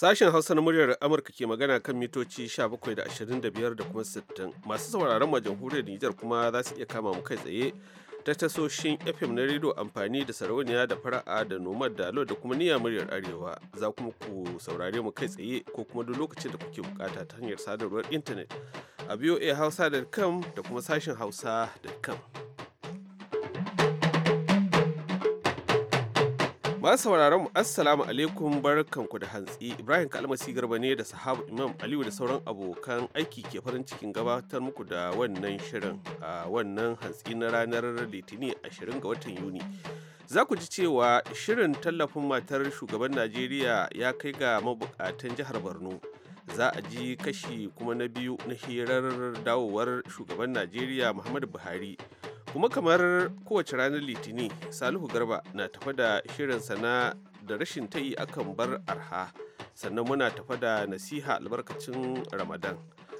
Sashen Hausa na muryar Amurka ke magana kan mitoci 17 da 25 da kuma 60. Masu sauraron ma jamhuriyar Nijar kuma za su iya kama mu kai tsaye ta tasoshin FM na rediyo amfani da sarauniya da fara'a da nomad da da kuma niya muryar Arewa. Za kuma ku saurare mu kai tsaye ko kuma duk lokacin da kuke bukata ta hanyar sadarwar intanet a voahausa.com da kuma sashen hausa.com. Masu sauraron mu assalamu alaikum barkanku da hantsi Ibrahim Kalmasi Garba ne da sahabu Imam Aliyu da sauran abokan aiki ke farin cikin gabatar muku da wannan shirin a wannan hantsi na ranar Litinin 20 ga watan Yuni. Za ku ji cewa shirin tallafin matar shugaban Najeriya ya kai ga mabukatan jihar Borno. Za a ji kashi kuma na biyu na hirar dawowar shugaban Najeriya Muhammadu Buhari. kuma kamar kowace ranar litini salihu garba na tafa da shirinsa sana da rashin tayi akan bar arha sannan muna tafa da nasiha albarkacin ramadan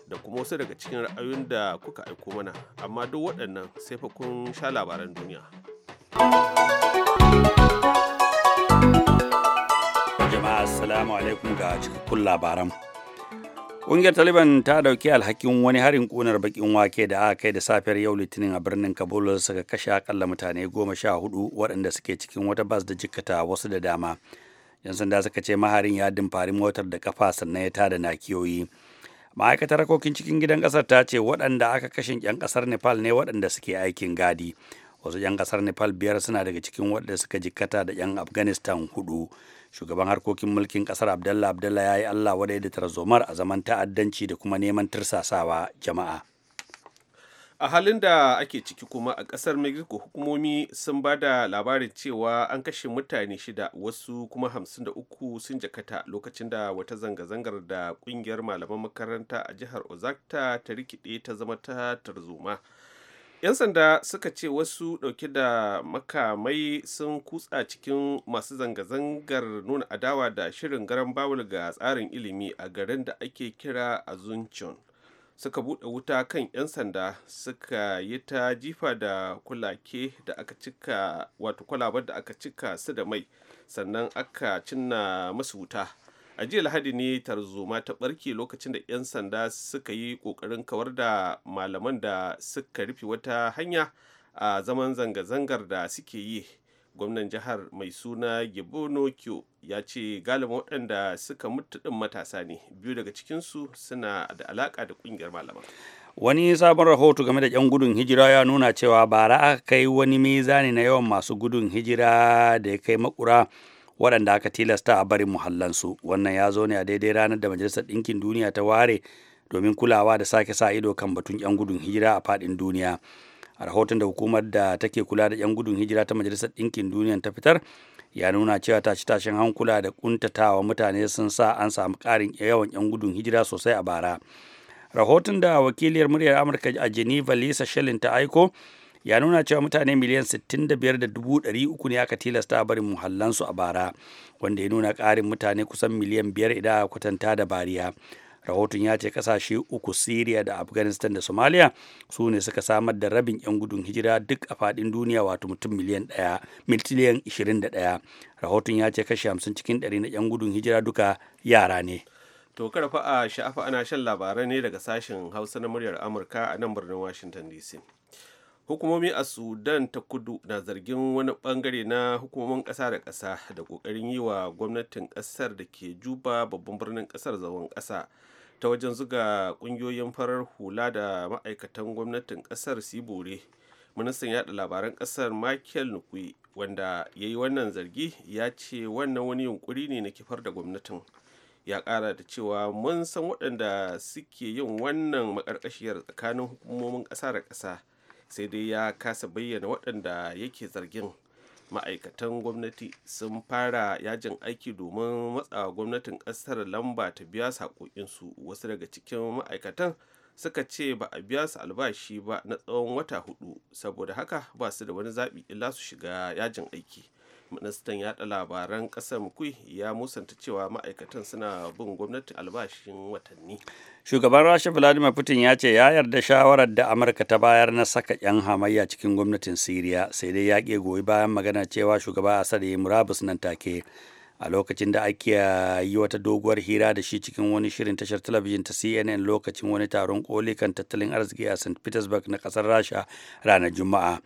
da kuma wasu daga cikin ra'ayoyin da kuka aiko mana amma duk waɗannan sai fa kun sha labaran duniya jama'a assalamu alaikum ga cikakkun labaran Ƙungiyar Taliban ta ɗauki alhakin wani harin ƙunar bakin wake da aka kai da safiyar yau Litinin a birnin Kabul suka kashe akalla mutane goma sha hudu waɗanda suke cikin wata bas da jikkata wasu da dama. 'Yan sanda suka ce maharin ya dimfari motar da kafa sannan ya tada nakiyoyi. Ma'aikatar harkokin cikin gidan ƙasar ta ce waɗanda aka kashe ƴan ƙasar Nepal ne waɗanda suke aikin gadi. Wasu ƴan ƙasar Nepal biyar suna daga cikin waɗanda suka jikkata da ƴan Afghanistan hudu. shugaban harkokin mulkin kasar abdallah abdallah ya yi allah ya da tarzomar a zaman ta'addanci da kuma neman tirsasawa jama'a a halin da ake ciki kuma a kasar mexico hukumomi sun ba da labarin cewa an kashe mutane shida wasu kuma hamsin da uku sun jakata lokacin da wata zanga-zangar da kungiyar malaman makaranta a jihar ozakta ta rikide ta zama ta tarzoma 'yan sanda suka ce wasu ɗauke da makamai sun kutsa cikin masu zanga-zangar nuna adawa da shirin garan bawul ga tsarin ilimi a garin da ake kira zuncin suka buɗe wuta kan 'yan sanda suka yi ta jifa da kulake da aka cika wato kwalabar da aka cika su da mai sannan aka cinna masu wuta a jiya lahadi ne tarzoma ta barke lokacin da 'yan sanda suka yi kokarin kawar da malaman da suka rufe wata hanya a zaman zanga-zangar da suke yi gwamnan jihar mai suna gibonokyo ya ce galiba waɗanda suka mutu ɗin matasa ne biyu daga cikinsu suna da alaƙa da ƙungiyar malaman wani sabon rahoto game da 'yan gudun hijira ya nuna cewa bara aka kai wani mizani na yawan masu gudun hijira da ya kai makura waɗanda aka tilasta a barin muhallansu wannan ya zo ne a daidai ranar da majalisar ɗinkin duniya ta ware domin kulawa da sake sa ido kan batun 'yan gudun hijira a faɗin duniya a rahoton da hukumar da take kula da 'yan gudun hijira ta majalisar ɗinkin duniya ta fitar ya nuna cewa tashi tashen hankula da kuntatawa mutane sun sa an samu ƙarin yawan 'yan gudun hijira sosai a bara rahoton da wakiliyar muryar amurka a geneva lisa shelin ta aiko ya nuna cewa mutane miliyan 65,300 ne aka tilasta barin muhallansu a bara wanda ya nuna ƙarin mutane kusan miliyan 5 idan a kwatanta da bariya rahoton ya ce kasashe uku syria da afghanistan da somalia su ne suka samar da rabin 'yan gudun hijira duk a fadin duniya wato mutum miliyan 21 rahoton ya ce kashi 50 cikin 100 na 'yan gudun hijira duka yara ne to karfa a sha'afa ana shan labarai ne daga sashen hausa na muryar amurka a nan birnin washington dc hukumomi a sudan ta kudu na zargin wani bangare na hukumomin kasa da kasa da kokarin yi wa gwamnatin ƙasar da ke juba babban birnin ƙasar zagon kasa ta wajen zuga kungiyoyin farar hula da ma'aikatan gwamnatin ƙasar sibore ministan yada labaran ƙasar michael nukui wanda ya yi wannan zargi ya ce wannan wani yunkuri ne na kifar da gwamnatin ya kara da cewa mun san waɗanda suke yin wannan makarkashiyar tsakanin hukumomin ƙasa da ƙasa sai dai ya kasa bayyana waɗanda yake zargin ma'aikatan gwamnati sun fara yajin aiki domin matsa gwamnatin ƙasar lamba ta biya saƙoƙinsu wasu daga cikin ma'aikatan suka ce ba a biya su albashi ba na tsawon wata hudu saboda haka ba su da wani zaɓi illa su shiga yajin aiki ministan yada labaran kasar mukui ya musanta cewa ma'aikatan suna bin gwamnati albashin watanni shugaban rasha vladimir putin ya ce ya yarda shawarar da amurka ta bayar na saka yan hamayya cikin gwamnatin siriya sai dai ya ke goyi bayan magana cewa shugaba asad ya murabus nan take a lokacin da ake yi wata doguwar hira da shi cikin wani shirin tashar talabijin ta cnn lokacin wani taron koli kan tattalin arziki a st petersburg na kasar rasha ranar juma'a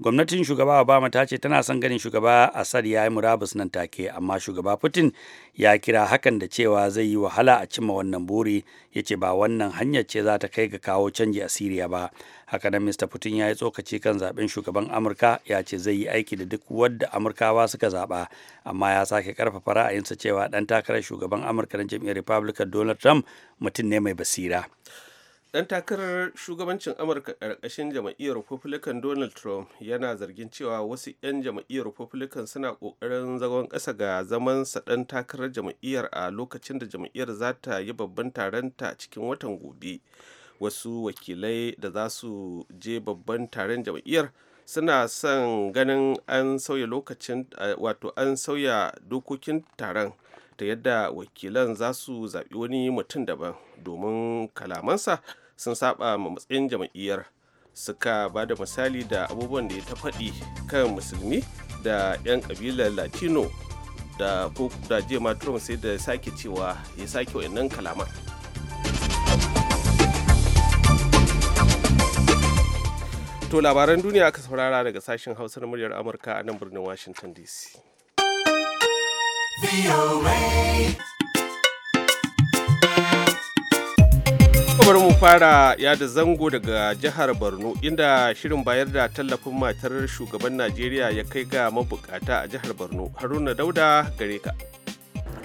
gwamnatin shugaba obama ta ce tana son ganin shugaba assad ya yi murabus nan take amma shugaba putin ya kira hakan da cewa zai yi wahala a cimma wannan buri ya ce ba wannan hanyar ce za ta kai ga kawo canji a siriya ba haka nan mr putin ya yi tsokaci kan zaben shugaban amurka ya ce zai yi aiki da duk wadda amurkawa suka zaba amma ya sake karfafa ra'ayinsa cewa dan takarar shugaban amurka na jam'iyyar republican donald trump mutum ne mai basira dan takarar shugabancin amurka ƙarƙashin jam'iyyar republican donald trump yana zargin cewa wasu 'yan jama'iyyar republican suna ƙoƙarin zagon ƙasa ga zaman ɗan takarar jam'iyyar a lokacin da jama'iyyar za ta yi babban taronta cikin watan gobe wasu wakilai da za su je babban taron jam'iyyar suna son ganin an sauya lokacin wato an sauya dokokin taron ta yadda wakilan za su zaɓi wani mutum daban domin kalamansa sun saba ma matsayin jam'iyyar suka ba da misali da abubuwan da ya ta faɗi kan musulmi da 'yan ƙabilar latino da ko da jema trump sai da sake cewa ya sake wa'annan kalaman to labaran duniya aka saurara daga sashen hausar muryar amurka a nan birnin washington dc Kamar mu fara yada zango daga jihar borno inda shirin bayar da tallafin matar shugaban najeriya ya kai ga mabukata a jihar borno haruna dauda gare ka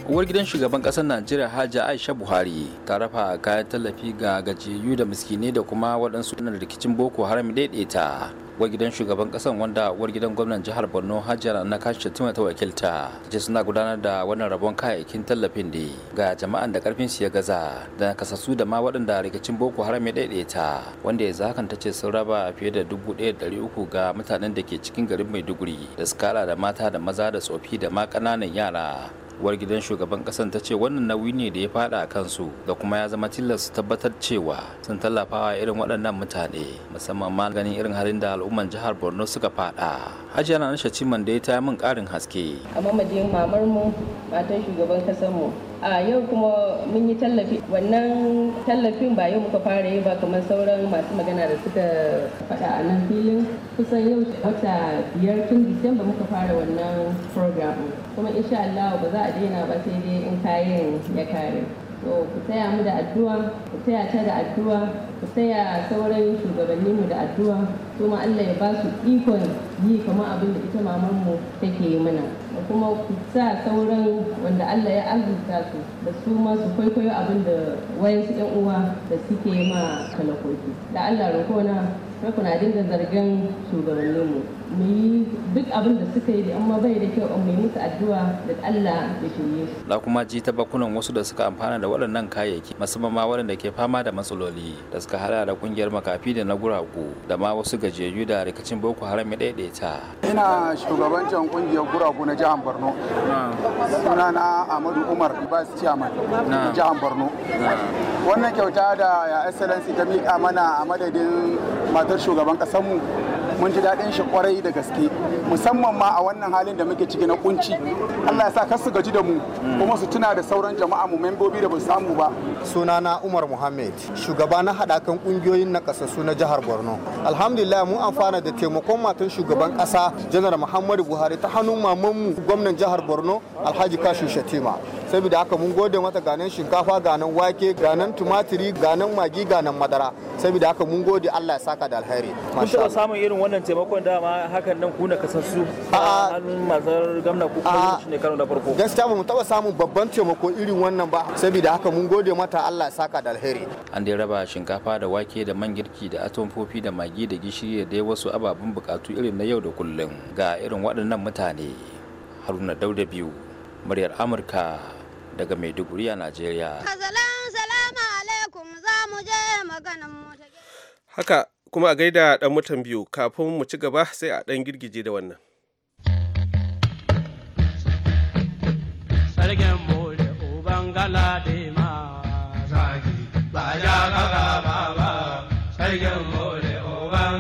uwar gidan shugaban kasar najeriya hajja aisha buhari ta rafa kayan tallafi ga gajiyayyu da miskine da kuma waɗansu na rikicin boko haram daidaita uwar gidan shugaban kasar wanda uwar gidan gwamnan jihar borno Hajiya na kashi tuma ta wakilta ce suna gudanar da wannan rabon kayayyakin tallafin ne ga jama'an da karfin su ya gaza da kasassu da ma waɗanda rikicin boko haram ya daidaita wanda ya zakan ta ce sun raba fiye da dubu ɗaya da uku ga mutanen da ke cikin garin maiduguri da suka da mata da maza da tsofi da ma ƙananan yara uwar gidan shugaban kasan ta ce wannan nauyi ne da ya fada a kansu da kuma ya zama tilas tabbatar cewa sun tallafawa irin waɗannan mutane musamman ma ganin irin halin da al'umman jihar borno suka fada hajiya na nasha ciman da ya ta min ƙarin haske a mamadin mamar mu matan shugaban kasan mu a yau kuma mun yi tallafi wannan tallafin ba yau muka fara yi ba kamar sauran masu magana da suka faɗa a nan filin kusan yau wata biyar tun disamba muka fara wannan program kuma insha Allah ba za a daina ba sai dai in kayan ya kare to ku taya mu da addu'a ku taya ta da addu'a ku taya sauran shugabannin mu da addu'a kuma Allah ya ba su ikon yi kamar abin da ita mamanmu take yi mana da kuma ku sa sauran wanda Allah ya arzuta su da su ma su kwaikwayo abin da wayansu yan uwa da suke ma kalakoki da Allah rukona na kuna dinga zargin shugabanninmu mu yi duk abin da suka yi amma bai da kyau mu yi musu addu'a da Allah ya shirye su. kuma ji ta bakunan wasu da suka amfana da waɗannan kayayyaki musamman ma waɗanda ke fama da matsaloli da suka hada da kungiyar makafi da na guragu da ma wasu gajiyayyu da rikicin Boko Haram ya daidaita. Ina shugabancin kungiyar guragu na jihar Borno. Suna na Ahmadu Umar Ibas Chairman na jihar Borno. Wannan kyauta da ya excellency ta mika mana a madadin matar shugaban mu. mun ji daɗin shi kwarai da gaske musamman ma a wannan halin da muke ciki na kunci Allah ya sa kar su gaji da mu kuma su tuna da sauran jama'a mu membobi da ba samu ba sunana Umar Muhammad shugaba na haɗakan ƙungiyoyin na kasassu na jihar Borno alhamdulillah mun amfana da taimakon matan shugaban ƙasa janar Muhammadu Buhari ta hannun mamanmu gwamnan jihar Borno Alhaji kashi Shatima saboda haka mun gode mata ganan shinkafa ganan wake ganan tumatiri ganan magi ganan madara saboda haka mun gode Allah ya saka da alheri kun taɓa samun irin wannan taimakon dama hakan nan kuna kasassu a hannun mazar gamna ku kuma ne karo da farko gaskiya ba mu taɓa samun babban taimako irin wannan ba saboda haka mun gode mata Allah ya saka da alheri an dai raba shinkafa da wake da man girki da atomfofi da magi da gishiri da dai wasu ababen bukatu irin na yau da kullum ga irin waɗannan mutane haruna dauda biyu muryar amurka daga Maiduguri a Najeriya. alaikum za je mu Haka kuma a gaida ɗan mutan biyu kafin mu ci gaba sai a ɗan girgije da wannan. Sarkin mole da uban gala ma zagi ba ya ba ba mole uban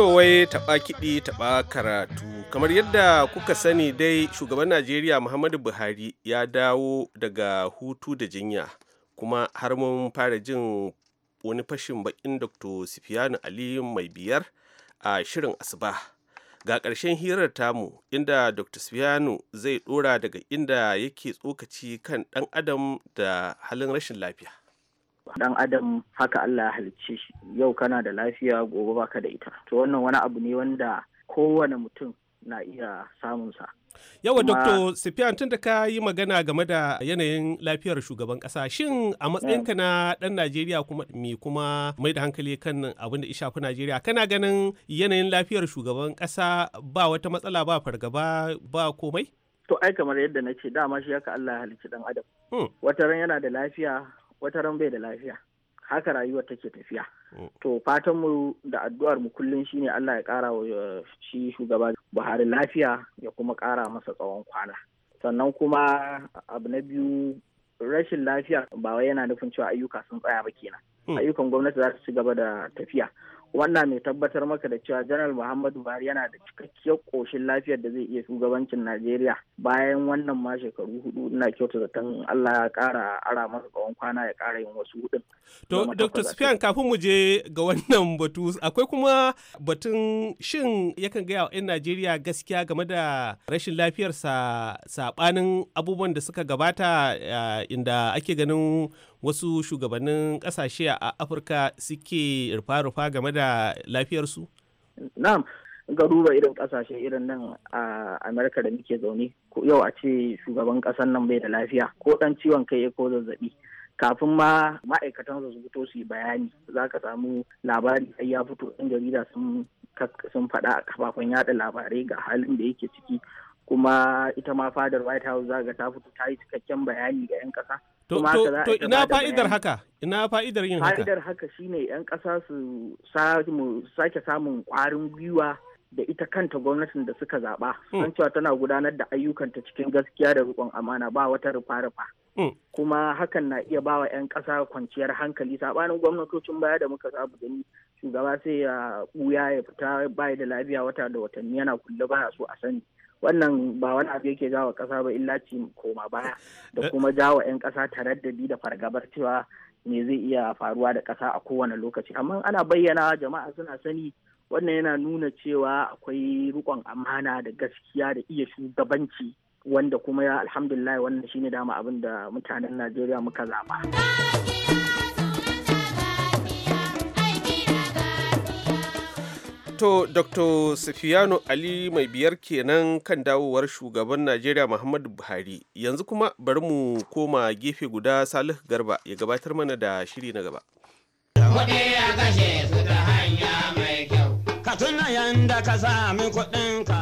To wai taɓa kiɗi taɓa karatu. Kamar yadda kuka sani dai shugaban Najeriya Muhammadu Buhari ya dawo daga hutu da jinya kuma har mun fara jin wani fashin bakin Dr. Sufiyanu Ali mai biyar a shirin asuba. Ga ƙarshen hirar tamu inda Dr. Sufiyanu zai ɗora daga inda yake tsokaci kan ɗan adam da halin rashin lafiya. dan adam haka Allah ya halicce shi yau kana da lafiya gobe baka da ita to wannan wani abu ne wanda kowane mutum na iya samun sa yawa dr Sifiyan tun da ka yi magana game da yanayin lafiyar shugaban kasa shin a matsayinka eh. na dan najeriya kuma me kuma mai da hankali kan abin da ya shafi najeriya kana ganin yanayin lafiyar shugaban kasa ba wata matsala ba fargaba ba komai to ai kamar yadda na ce dama shi haka Allah ya halicci dan adam hmm. wata ran yana da lafiya wata ran bai da lafiya haka rayuwar take tafiya mm. to fatan mu da addu'ar mu kullum shine Allah ya kara wa eh, shi shugaba Buhari lafiya ya kuma kara masa tsawon kwana sannan kuma abu na biyu rashin lafiya ba wai yana nufin cewa ayyuka sun tsaya ba kenan mm. ayyukan gwamnati za su ci gaba da tafiya wannan mai tabbatar maka da cewa janar muhammadu buhari yana da cikakkiyar koshin lafiyar da zai iya shugabancin najeriya bayan wannan ma shekaru hudu ina kyauta zaton allah ya kara ara masa tsawon kwana ya kara yin wasu hudun to dr sufyan kafin mu je ga wannan batu akwai kuma batun shin yakan gaya wa 'yan najeriya gaskiya game da rashin lafiyarsa saɓanin abubuwan da suka gabata eh, inda ake ganin wasu shugabannin kasashe a afirka suke rufa-rufa game da lafiyarsu? na'am garuruwa irin kasashe irin nan a amurka da muke zaune yau a ce shugaban kasan nan bai da lafiya ko dan ciwon kai ko zazzabi kafin ma ma'aikatan su fito su yi bayani za ka samu labari ai ya fito yan jarida sun sun faɗa a kafafen yada labarai ga halin da yake ciki kuma ita ma fadar white house za ga ta fito ta yi cikakken bayani ga 'yan ƙasa To, to ina fa'idar haka? Ina fa'idar yin haka? Fa'idar haka shine 'yan ƙasa su sake samun ƙwarin gwiwa da ita kanta gwamnatin da suka zaɓa. Hmm. San cewa tana gudanar da ayyukanta cikin gaskiya da riƙon amana ba wata rufa-rufa. Hmm. Kuma hakan na iya bawa 'yan ƙasa kwanciyar hankali saɓanin gwamnatocin baya da muka sabu gani shugaba sai ya ɓuya ya fita baya da lafiya wata da watanni yana kulle ba so a sani. wannan ba wani abu yake jawo kasa ba illa ci koma baya da eh. kuma jawo 'yan ƙasa taraddadi da fargabar cewa me zai iya faruwa da kasa a kowane lokaci amma ana bayyana jama'a suna sani wannan yana nuna cewa akwai rikon amana da gaskiya da iya shugabanci wanda kuma ya alhamdulillah wannan shine dama abin da mutanen najeriya muka zaba. To, Dr. sufiyano Ali mai biyar kenan kan dawowar shugaban Najeriya Muhammadu Buhari. Yanzu kuma bari mu koma gefe guda Salihu Garba ya gabatar mana da shiri na gaba.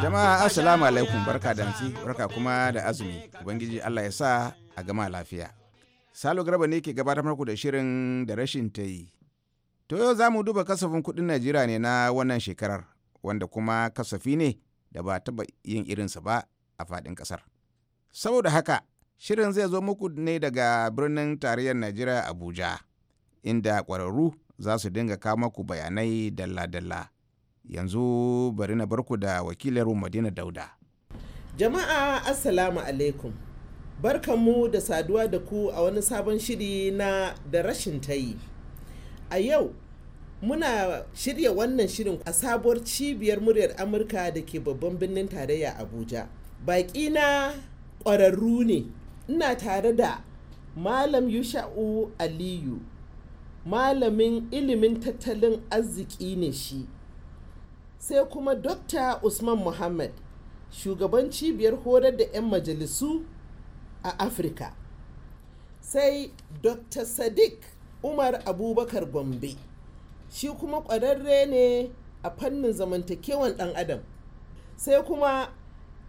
Jama'a Assalamu alaikum barka da barka kuma da azumi. Ubangiji Allah ya sa a gama lafiya. Salo Garba ne ke gabatar muku da shirin da rashin ta yi To yau za mu duba kasafin kudin Najeriya ne na wannan shekarar, wanda kuma kasafi ne da ba taba yin irinsa ba a fadin kasar Saboda haka, shirin zai zo muku ne daga birnin tarayyar Najeriya Abuja, inda ƙwararru za su dinga kawo maku bayanai dalla-dalla. Yanzu bari na barku da wakilar Madina Dauda. Jama'a Assalamu alaikum. Barkanmu da saduwa da ku a wani sabon shiri na da rashin tayi. a yau muna shirya wannan shirin a sabuwar cibiyar muryar amurka da ke babban birnin tarayya abuja baƙi na ƙwararru ne ina tare da malam yusha'u aliyu malamin ilimin tattalin arziki ne shi sai kuma dokta usman muhammad shugaban cibiyar horar da 'yan majalisu a afirka sai dr sadiq umar abubakar gombe shi kuma kwararre ne a fannin zamantakewan ɗan adam sai kuma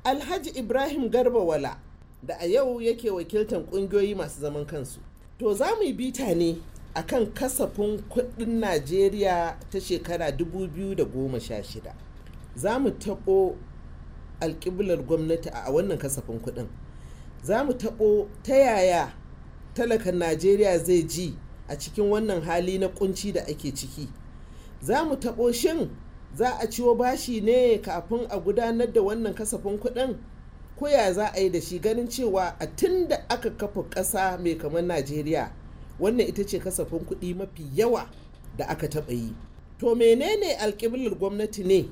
alhaji ibrahim garba wala da a yau yake wakiltar ƙungiyoyi masu zaman kansu to za mu yi bita ne a kan kasafin kuɗin najeriya ta shekara 2016 za mu taɓo alkiblar gwamnati a wannan kasafin kuɗin za mu taɓo ta yaya talakan najeriya zai ji a cikin wannan hali na kunci da ake ciki za mu taɓo shin za a ciwo bashi ne kafin a gudanar da wannan kasafin kuɗin ko ya za a yi da shi ganin cewa a tun da aka kafa ƙasa mai kamar najeriya wannan ita ce kasafin kuɗi mafi yawa da aka taɓa yi to menene alƙiblar gwamnati ne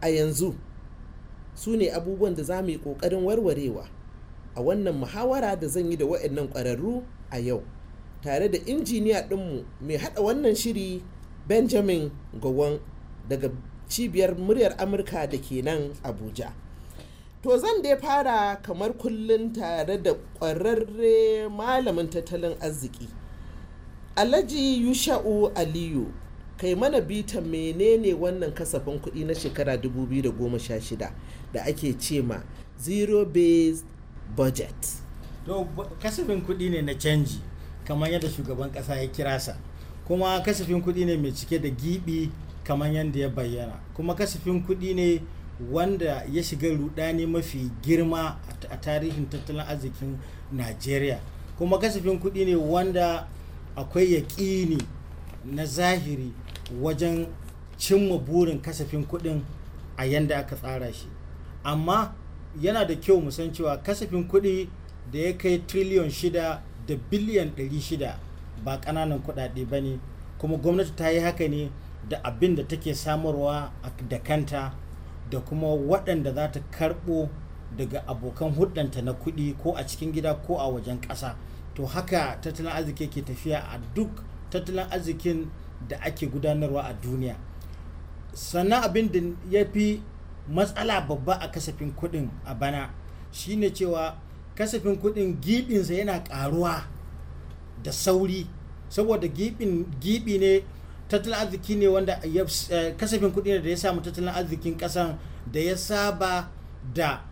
a yanzu su ne abubuwan da za mu yi ƙoƙarin warwarewa a wannan muhawara da zan yi da waɗannan ƙwararru a yau tare da injiniya ɗinmu mai haɗa wannan shiri benjamin gowon daga cibiyar muryar amurka da ke nan abuja to zan dai fara kamar kullum tare da ƙwararre malamin tattalin arziki alhaji yusha'u aliyu kai mana bita menene wannan kasafin kuɗi na shekara 2016 da ake ce ma zero based budget to kasafin kuɗi ne na canji kamar yadda shugaban kasa ya kira sa kuma kasafin kuɗi ne mai cike da gibi kamar yadda ya bayyana kuma kasafin kuɗi ne wanda ya shiga rudani mafi girma a tarihin tattalin arzikin najeriya kuma kasafin kuɗi ne wanda akwai yaƙini na zahiri wajen cimma burin kasafin kuɗin a yadda aka tsara shi amma yana da kyau mu san cewa kasafin kuɗi da ya kai triliyon shida da biliyan 600 ba kananan kudade ba ne kuma gwamnati ta yi haka ne da abin da take samarwa da kanta da kuma waɗanda za ta karɓo daga abokan hudanta na kuɗi ko a cikin gida ko a wajen ƙasa to haka tattalin arziki ke tafiya a duk tattalin arzikin da ake gudanarwa a duniya sannan abin da ya fi matsala babba a kasafin kuɗin a bana shine cewa kasafin kuɗin giɓinsa yana ƙaruwa da sauri saboda giɓi ne tattalin arziki ne wanda eh, kasafin kuɗi da ya samu tattalin arzikin ƙasan da ya saba da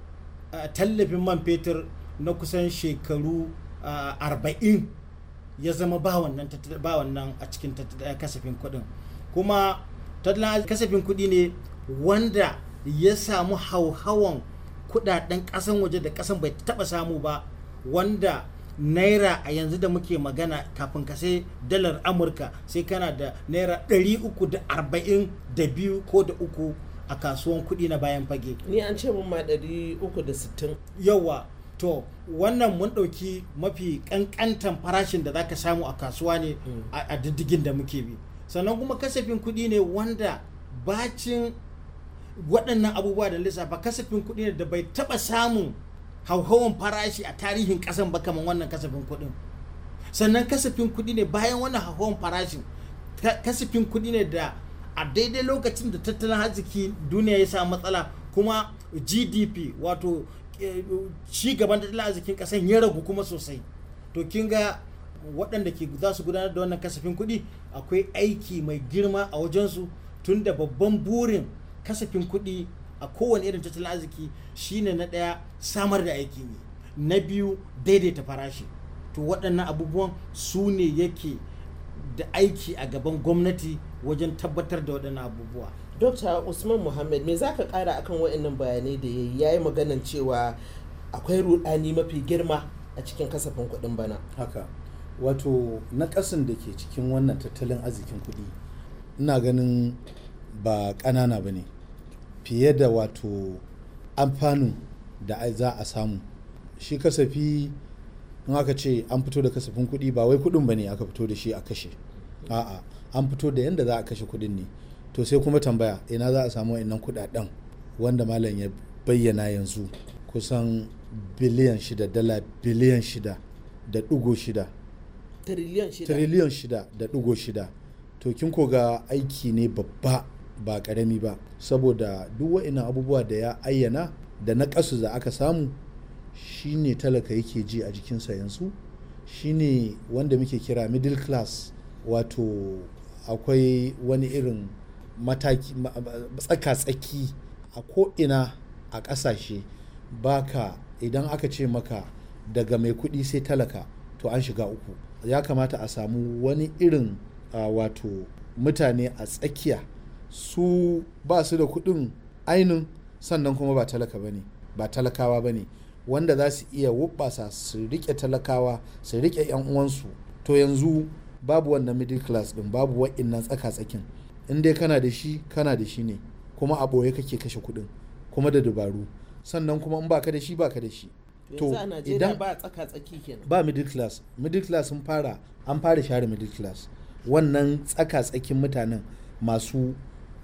eh, tallafin man fetur na kusan shekaru eh, arba'in ya zama ba wannan a cikin kasafin kuɗin kuma tattalin kasafin kuɗi ne wanda ya samu hauhawan kudaden kasan waje da kasan bai taba samu ba wanda naira a yanzu da muke magana kafin ka sai dalar amurka sai kana da naira 342 ko da uku a kasuwan kudi na bayan fage ni an ce mun ma 360 yawa to wannan mun ɗauki mafi ƙanƙantan farashin da zaka samu a kasuwa ne mm. a diddigin da muke bi sannan kuma kasafin kuɗi ne wanda bacin waɗannan abubuwa da lissafa kasafin kuɗi da bai taɓa samun hauhawan farashi a tarihin ƙasan ba kamar wannan kasafin kuɗi sannan kasafin kuɗi ne bayan wannan hauhawan farashin kasafin kuɗi ne da a daidai lokacin da tattalin arziki duniya ya samu matsala kuma gdp wato eh, ci gaban tattalin arzikin ƙasan ya ragu kuma sosai to kin ga waɗanda ke za su gudanar da wannan kasafin kuɗi akwai aiki mai girma a wajensu tun da babban burin kasafin kuɗi a kowane irin tattalin arziki shine na ɗaya samar da aikin yi na biyu daidaita farashi to waɗannan abubuwan su ne yake da aiki a gaban gwamnati wajen tabbatar da waɗannan abubuwa dokta usman muhammad me za ka ƙara akan waɗannan bayanai da ya yi ya maganan cewa akwai ruɗani mafi girma a cikin kasafin kuɗin bana haka wato ƙasan da ke cikin wannan tattalin arzikin kuɗi ina ganin ba ƙanana ba ne fiye da wato amfanin da za a samu shi kasafi in aka ce an fito da kasafin kuɗi ba wai kuɗin ba ne aka fito da shi a kashe a'a an fito da yadda za a kashe kuɗin ne to sai kuma tambaya ina za a samu wa'annan kuɗaɗen wanda malam ya bayyana yanzu kusan biliyan shida dala biliyan shida da ɗigo shida triliyan shida da ɗigo shida to kin ko ga aiki ne babba ba ƙarami ba saboda duk wa'ina abubuwa da ya ayyana da na ƙasu da aka samu shine talaka yake ji a jikinsa yanzu shine wanda muke kira middle class wato akwai wani irin mataki tsaka-tsaki a ko'ina a ƙasashe baka idan aka ce maka daga mai kuɗi sai talaka to an shiga uku ya kamata a samu wani irin wato mutane a tsakiya su ba su da kuɗin ainin sannan kuma ba talaka ba ne ba talakawa ba ne wanda za su iya wubbasa su riƙe talakawa su riƙe 'yan uwansu to yanzu babu wannan middle class din babu wa'innan tsaka-tsakin in dai kana da shi kana da shi ne kuma a boye kake kashe kuɗin kuma da dabaru sannan kuma in baka da shi baka da shi to idan ba tsaka-tsaki kenan ba middle class middle class sun fara an fara share middle class wannan tsaka-tsakin mutanen masu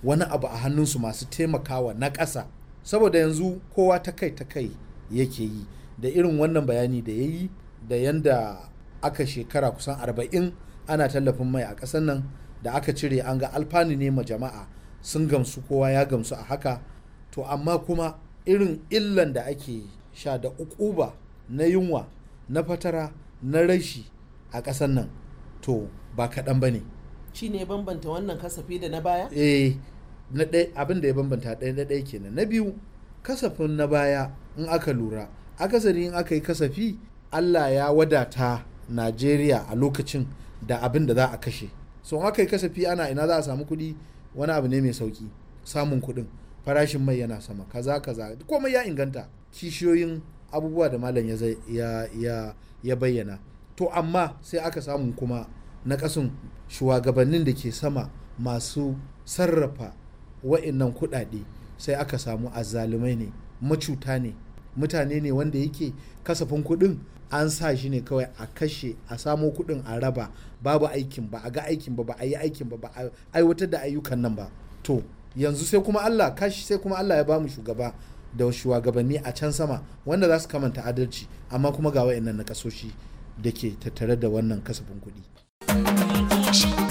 wani abu a hannunsu masu taimakawa na ƙasa saboda yanzu kowa ta kai ta kai yake yi da irin wannan bayani da ya yi da yanda aka shekara kusan arba'in ana tallafin mai a ƙasar nan da aka cire an ga alfani ne ma jama'a sun gamsu kowa ya gamsu a haka to amma kuma irin illan da ake sha da ukuba na yunwa na fatara na rashi a ƙasar nan to ba kaɗan ba ne shi ne bambanta wannan kasafi da na baya? eh na abin da ya bambanta ɗaya na ɗaya kenan na biyu kasafin na baya in aka lura akasari in aka yi kasafi allah ya wadata najeriya a lokacin da abin da za a kashe so aka yi kasafi ana ina za a samu kuɗi wani abu ne mai sauki samun kuɗin farashin mai yana sama kaza kaza komai ya inganta kishiyoyin abubuwa da malam ya, ya, bayyana to amma sai aka samu kuma na kasan shugabannin da ke sama masu sarrafa wa'annan kuɗaɗe sai aka samu azzalumai ne macuta ne mutane ne wanda yake kasafin kuɗin an sa shi ne kawai a kashe a samo kuɗin a raba babu aikin ba a ga aikin ba ba a yi aikin ba ba a aiwatar da ayyukan nan ba to yanzu sai kuma Allah kashi sai kuma Allah ya bamu shugaba da shugabanni a can sama wanda za su kamanta adalci amma kuma ga wayannan nakasoshi da ke tattare da wannan kasafin kuɗi.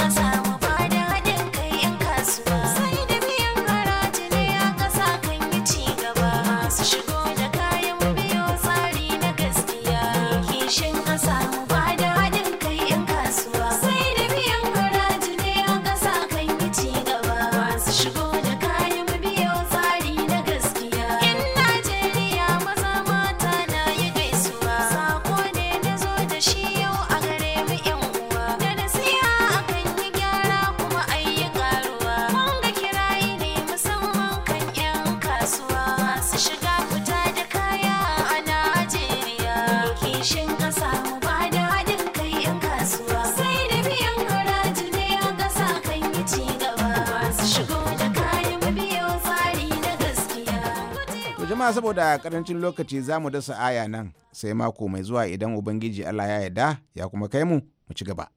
saboda karancin lokaci za mu dasa aya nan sai mako mai zuwa idan ubangiji allah ya yarda ya kuma kai mu mu ci gaba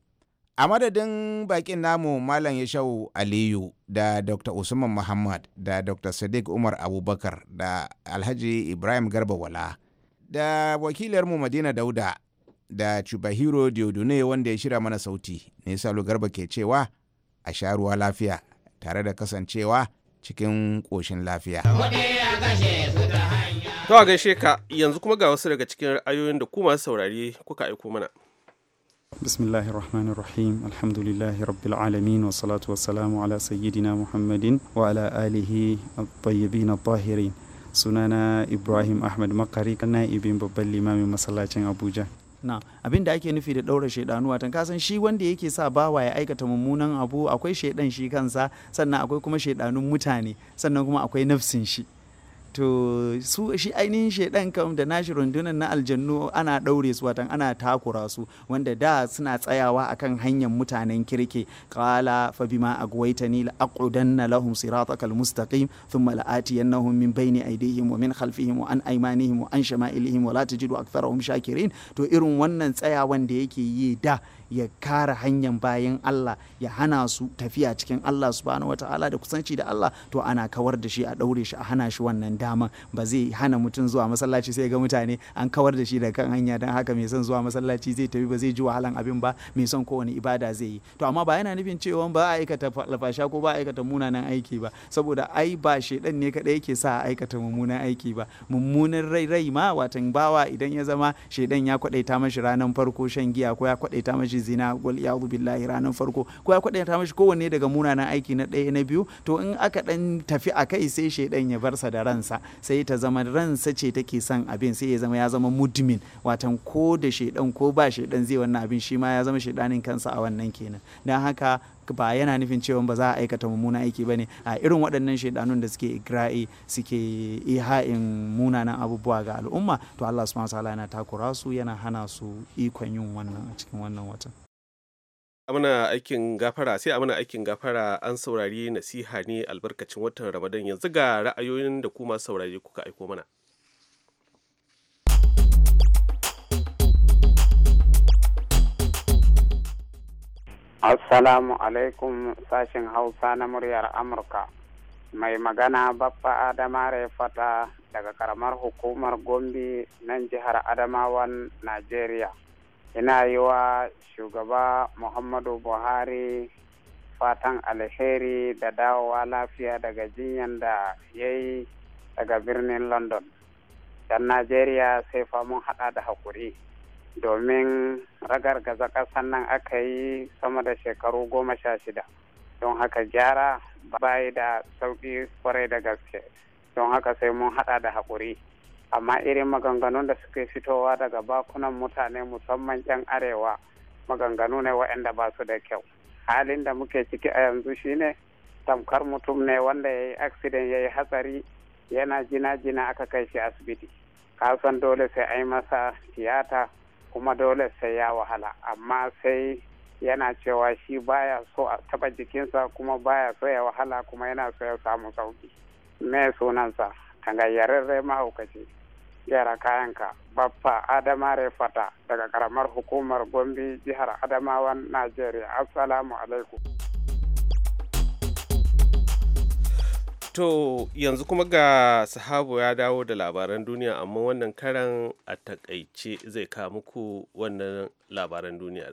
a madadin bakin namu malam yashau aliyu da dr usman muhammad da dr sadiq umar abubakar da alhaji ibrahim garba wala da wakilarmu madina dauda da chubahiro diodune wanda ya shira mana sauti ne salo garba ke cewa a sha ruwa lafiya tare da kasancewa cikin ƙoshin lafiya. To a gaishe ka yanzu kuma ga wasu daga cikin ra'ayoyin da kuma saurari kuka aiko mana. Bismillahir Rahmanir Rahim Alhamdulillahi Rabbil Alamin wa salatu wa salamu ala sayyidina Muhammadin wa ala alihi at-tayyibin at-tahirin sunana Ibrahim Ahmad Makari kana ibin babban limamin masallacin Abuja abin da ake nufi da ɗaura shaidanu watan kasan shi wanda yake sa bawa ya aikata mummunan abu akwai shaidan shi kansa sannan akwai kuma shaidanun mutane sannan kuma akwai nafsin shi to su shi ainihin shaidan kam da nashi rundunan na aljannu ana ɗaure su watan ana takura su wanda da suna tsayawa akan hanyar mutanen kirke qala fa bima agwaytani la aqudanna lahum siratakal mustaqim thumma la atiyannahum min bayni aydihim wa min khalfihim wa an aymanihim wa an shama'ilihim wa la tajidu aktharahum shakirin to irin wannan tsayawan da yake yi da ya kare hanyar bayan Allah ya hana su tafiya cikin Allah subhanahu wataala da kusanci da Allah to ana kawar da shi a ɗaure shi a hana shi wannan da dama ba zai hana mutum zuwa masallaci sai ga mutane an kawar da shi daga kan hanya don haka mai son zuwa masallaci zai tafi ba zai ji wahalan abin ba mai son kowane ibada zai yi to amma ba yana nufin cewa ba a aikata lafasha ko ba a aikata munanan aiki ba saboda ai ba shedan ne kadai yake sa a aikata mummunan aiki ba mummunan rai rai ma watan bawa idan ya zama shedan ya kwadaita mashi ranan farko shan giya ko ya kwadaita mashi zina wal iyadu billahi ranan farko ko ya kwadaita mashi kowanne daga munanan aiki na ɗaya na biyu to in aka dan tafi akai sai shedan ya bar sa da ransa ransa sai ta zama ransa ce take son abin sai ya zama ya zama mudmin watan ko da shaidan ko ba shaidan zai wannan abin shi ma ya zama shaidanin kansa a wannan kenan dan haka ba yana nufin cewa ba za a aikata mummunan aiki ba ne a irin waɗannan shaidanun da suke igra'i suke iha'in munanan abubuwa ga al'umma to Allah subhanahu wa ta'ala yana takura su yana hana su ikon yin wannan a cikin wannan watan amana aikin gafara sai amana aikin gafara an saurari nasiha ne albarkacin watan ramadan yanzu ga ra'ayoyin da kuma saurari kuka aiko mana assalamu alaikum sashen hausa na muryar amurka mai magana baffa adama fata daga karamar hukumar gombe nan jihar adamawan najeriya ina yi wa shugaba muhammadu buhari fatan alheri da dawowa lafiya daga jinyan da ya yi daga birnin london dan najeriya sai famun hada da haƙuri domin ragar ragargaza ƙasar nan aka yi sama da shekaru goma sha shida don haka gyara bayi da sauƙi kwarai da gaske don haka sai mun hada da haƙuri amma irin maganganun da suke fitowa daga bakunan mutane musamman 'yan arewa maganganu ne waɗanda ba su da kyau halin da muke ciki a yanzu shine tamkar mutum ne wanda ya yi accident ya yi hatsari yana jina-jina aka kai shi asibiti kasan dole sai ai masa tiyata kuma dole sai ya wahala amma sai yana cewa shi baya so a taɓa jikinsa kuma baya so ya wahala kuma yana so ya samu sauki me sunansa tangayyararren mahaukaci yara kayanka baffa adama fata daga karamar hukumar gombe jihar adamawan nigeria. assalamu alaikum to yanzu kuma ga sahabu ya dawo da labaran duniya amma wannan karan a takaice zai kawo muku wannan labaran duniya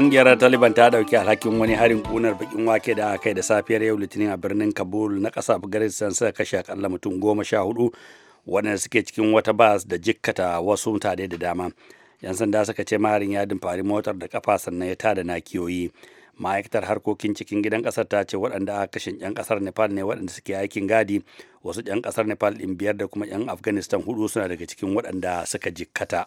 kungiyar taliban ta dauki alhakin wani harin kunar bakin wake da aka kai da safiyar yau litinin a birnin kabul na kasa afghanistan suka kashe akalla mutum goma sha hudu waɗanda suke cikin wata bas da jikkata wasu mutane da dama yan sanda suka ce maharin ya dimfari motar da kafa sannan ya tada nakiyoyi ma'aikatar harkokin cikin gidan kasar ta ce waɗanda aka kashe yan kasar nepal ne waɗanda suke aikin gadi wasu yan kasar nepal ɗin biyar da kuma yan afghanistan hudu suna daga cikin waɗanda suka jikkata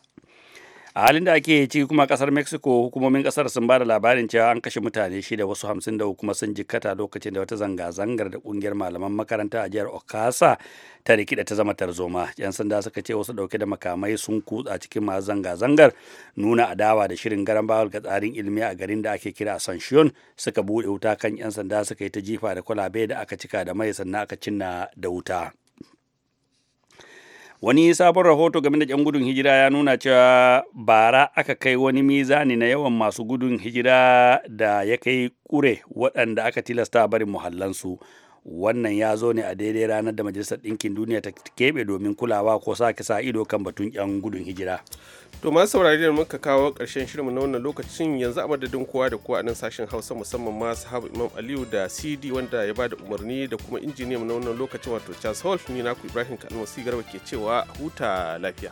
a halin da ake ciki kuma kasar mexico hukumomin kasar sun ba da labarin cewa an kashe mutane shida wasu hamsin da kuma sun jikkata lokacin da wata zanga-zangar da kungiyar malaman makaranta a jihar okasa ta rikida ta zama tarzoma yan sanda suka ce wasu dauke da makamai sun kutsa cikin masu zanga-zangar nuna adawa da shirin garan bawal ga tsarin ilimi a garin da ake kira asanshion suka bude wuta kan yan sanda suka yi ta jifa da kwalabe da aka cika da mai sannan aka cinna da wuta wani sabon rahoto game da 'yan gudun hijira ya nuna cewa bara aka kai wani mizani na yawan masu gudun hijira da ya kai kure waɗanda aka tilasta barin muhallansu wannan ya zo ne a daidai ranar da majalisar ɗinkin duniya ta keɓe domin kulawa ko sake sa ido kan batun 'yan gudun hijira to masu saurari da muka kawo karshen shirin na wannan lokacin yanzu a madadin kowa da kowa a nan sashen hausa musamman ma sahabu imam aliyu da cd wanda ya bada umarni da kuma injiniya na wannan lokacin wato charles holt ni naku ibrahim kalmasi garba ke cewa huta lafiya